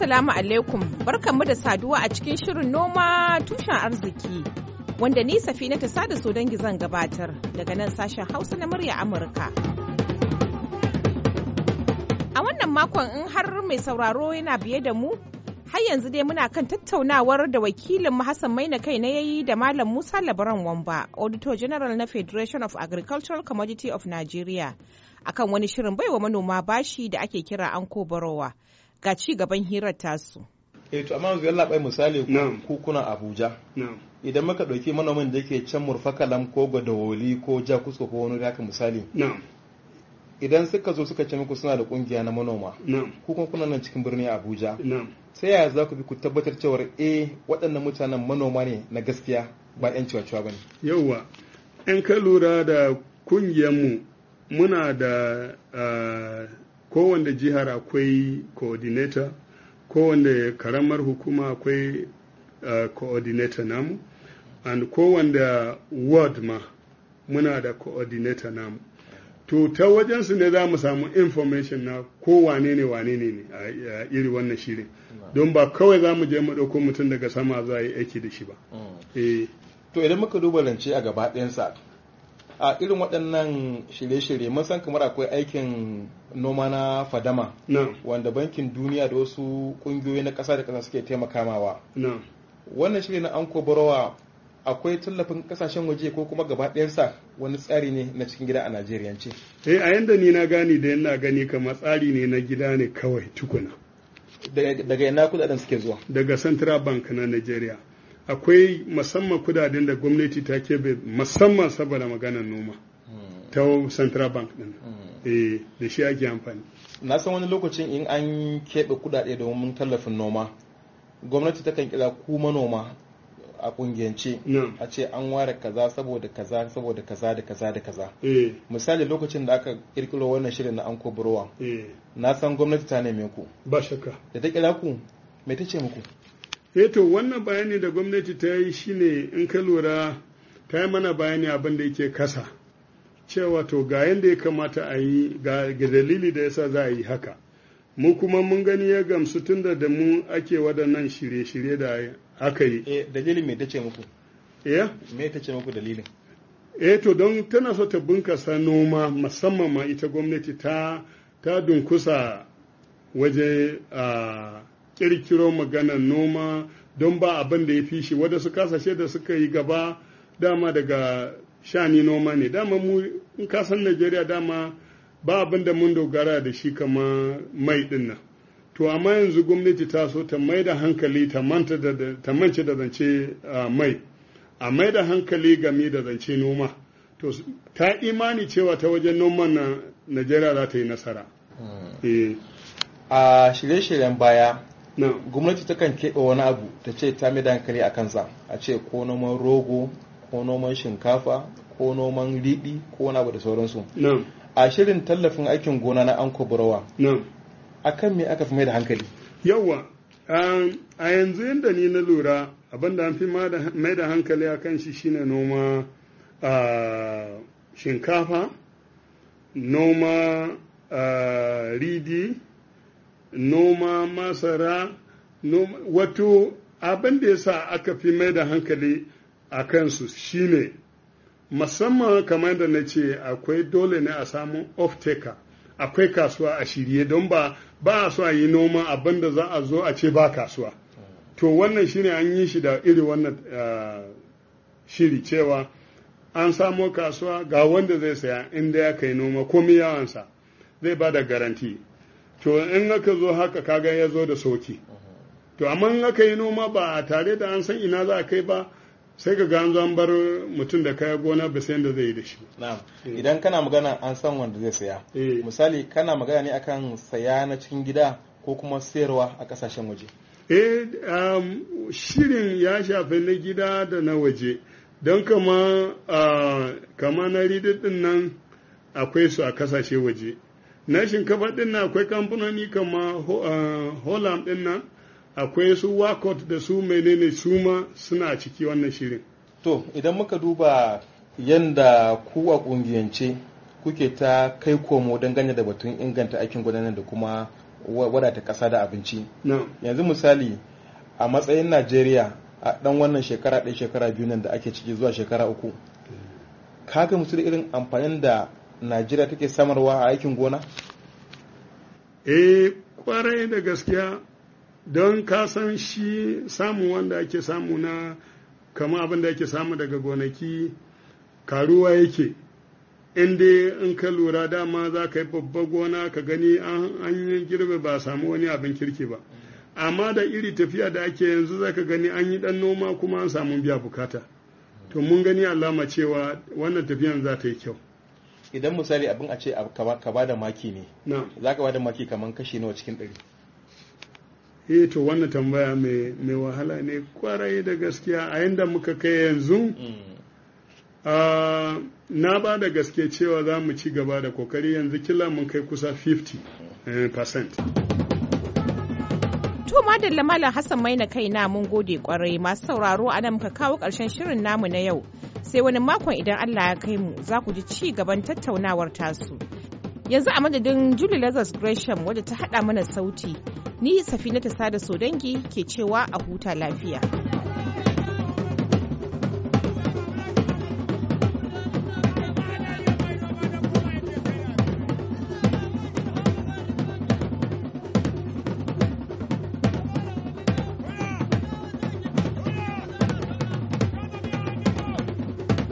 Assalamu alaikum barkanmu da saduwa a cikin shirin noma tushen arziki wanda ni safina ta sada so dangi zan gabatar daga nan sashen hausa na murya Amurka. A wannan makon in har mai sauraro yana biye da mu har yanzu dai muna kan tattaunawar da wakilin Hassan Maina kai na yayi da Malam Musa Labaran Wamba, Auditor General na Federation of Agricultural Commodity of Nigeria, akan wani shirin baiwa manoma bashi da ake kira Anko Barowa. ga ci gaban hirar tasu. eh to amma ga labai misali ku kuna Abuja idan muka ɗauki manomin da ke can murfakalam ko gadawoli ko jakusko ko wani haka misali idan suka zo suka ce muku suna da kungiya na manoma ku kuma kuna nan cikin birni Abuja sai yaya za ku bi ku tabbatar cewar eh waɗannan mutanen manoma ne na gaskiya ba 'yan ciwaciwa ba ne yauwa in ka lura da kungiyarmu muna da ah, kowanne jihar akwai coordinator kowanne karamar hukuma akwai uh, coordinator namu and kowanne ward ma muna da coordinator namu to ta wajen su ne za mu samu information na ko wane ne wane ne a iri wannan shirin don ba kawai za mu je mu ɗauko mutum daga sama za a yi aiki da shi ba mm. eh. to idan muka duba rance a gaba ɗayansa a irin waɗannan shirye-shirye mun san kamar akwai aikin noma na fadama wanda bankin duniya da wasu ƙungiyoyi na ƙasa da ƙasa suke taimakawa wannan shirye na anko borowa akwai tallafin ƙasashen waje ko kuma gaba ɗayansa wani tsari ne na cikin gida a najeriya ce eh a yanda ni na gani da yana gani kamar tsari ne na gida ne kawai tukuna daga yana kudaden suke zuwa daga central bank na Najeriya. akwai musamman kudaden da gwamnati ta kebe musamman saboda maganar noma hmm. ta central bank din hmm. eh, da shi ake amfani na san wani lokacin in an keɓe kudade domin tallafin noma gwamnati takan kira ku manoma a kungiyance a ce an ware kaza saboda kaza saboda kaza da kaza da kaza eh. misali lokacin da aka kirkiro wannan shirin na anko burowa eh. na san gwamnati ta neme ku ba shakka da ta kira ku me ta ce muku eto eh wannan bayani da gwamnati ta yi shine in ka lura ta yi mana bayani abin da yake kasa cewa to ga yadda ya kamata a yi ga dalili da yasa za a yi haka mu kuma mun gani ya gamsu tun da mu ake waɗannan shirye-shirye da aka yi e dalilin mai ta ce muku eh me ta ce muku dalilin eh to don tana so ta bunkasa noma musamman ma ita gwamnati ta ta dunkusa waje a ah, kirkiro magana noma don ba abin da ya fi shi su kasashe da suka yi gaba dama daga shani noma ne dama mu in kasan najeriya dama ba abin da mun dogara da shi kama mai dinnan to amma yanzu gwamnati ta so ta mai da hankali ta mance da zance mai a mai da hankali game da zance noma to ta imani cewa ta wajen noman na najeriya za ta yi nasara hmm. eh. a shirye-shiryen baya gwamnati takan keɓe wani abu ta ce ta mai dankali a kansa a ce ko noman rogo ko noman shinkafa ko noman riɗi ko wani abu da sauransu a shirin tallafin aikin gona na anko burawa kan me aka fi mai da hankali yawa um, a yanzu yadda ni na lura abin da an fi mai da hankali a kan shi shine noma uh, shinkafa noma uh, ridi noma masara wato abin da ya sa aka fi mai da hankali a kansu shine musamman kamar da na ce akwai dole ne a samu off-taker akwai kasuwa a shirye don ba ba a so a yi noma abin da za a zo a ce ba kasuwa to wannan shine an yi shi da iri wannan eh, shiri cewa an samo kasuwa ga wanda zai saya inda ya kai noma komai yawansa zai ba da garanti to in aka zo haka kaga ya zo da sauki to amma in aka yi noma ba tare da an san ina za a kai ba sai ka an an bar mutum da kaya gona ba sai da zai yi da shi idan kana magana an san wanda zai saya eh. misali kana magana ne akan saya na cikin gida ko kuma sayarwa a kasashen waje eh um, shirin ya shafi na gida da na waje don kama uh, na ridin nan akwai su a kasashe waje na shinkafa din nan akwai kamfanoni kamar ah, holam din nan akwai su wakot da su menene su ma suna ciki wannan shirin to idan muka duba yadda ku a kungiyance kuke ta kai komo dangane da batun inganta aikin gudanar da kuma wadata kasa da abinci yanzu misali a matsayin najeriya a dan wannan shekara ɗaya shekara biyu nan da ake ciki zuwa shekara uku kaga musu irin amfanin da najeriya take samarwa a aikin gona eh kwarai da gaskiya don ka san shi samun wanda ake samu na kama abin da ake samu daga gonaki karuwa yake inda in ka lura dama za ka yi babba gona ka gani an yi girbe ba samu wani abin kirki ba amma da iri tafiya da ake yanzu za ka gani an yi dan noma kuma an samu biya bukata to mun gani alama cewa wannan tafiyan za ta yi kyau idan misali abin a ce ka ba da maki ne za ka ba da maki kamar kashi nawa cikin ɗari eh to wannan tambaya mai wahala ne kwarai da gaskiya a yadda muka kai yanzu mm. na ba da gaske cewa za mu ci gaba da kokari yanzu kila mun kai kusa 50 eh, percent To madalla Malam Hassan Maina na mun gode kwarai masu sauraro a nan muka kawo ƙarshen shirin namu na yau. Sai wani makon idan Allah ya kai mu za ku ji ci gaban tattaunawar tasu. Yanzu a madadin Julie Lazarus Gresham wadda ta haɗa mana sauti, ni safinata ta sada dangi ke cewa a huta lafiya.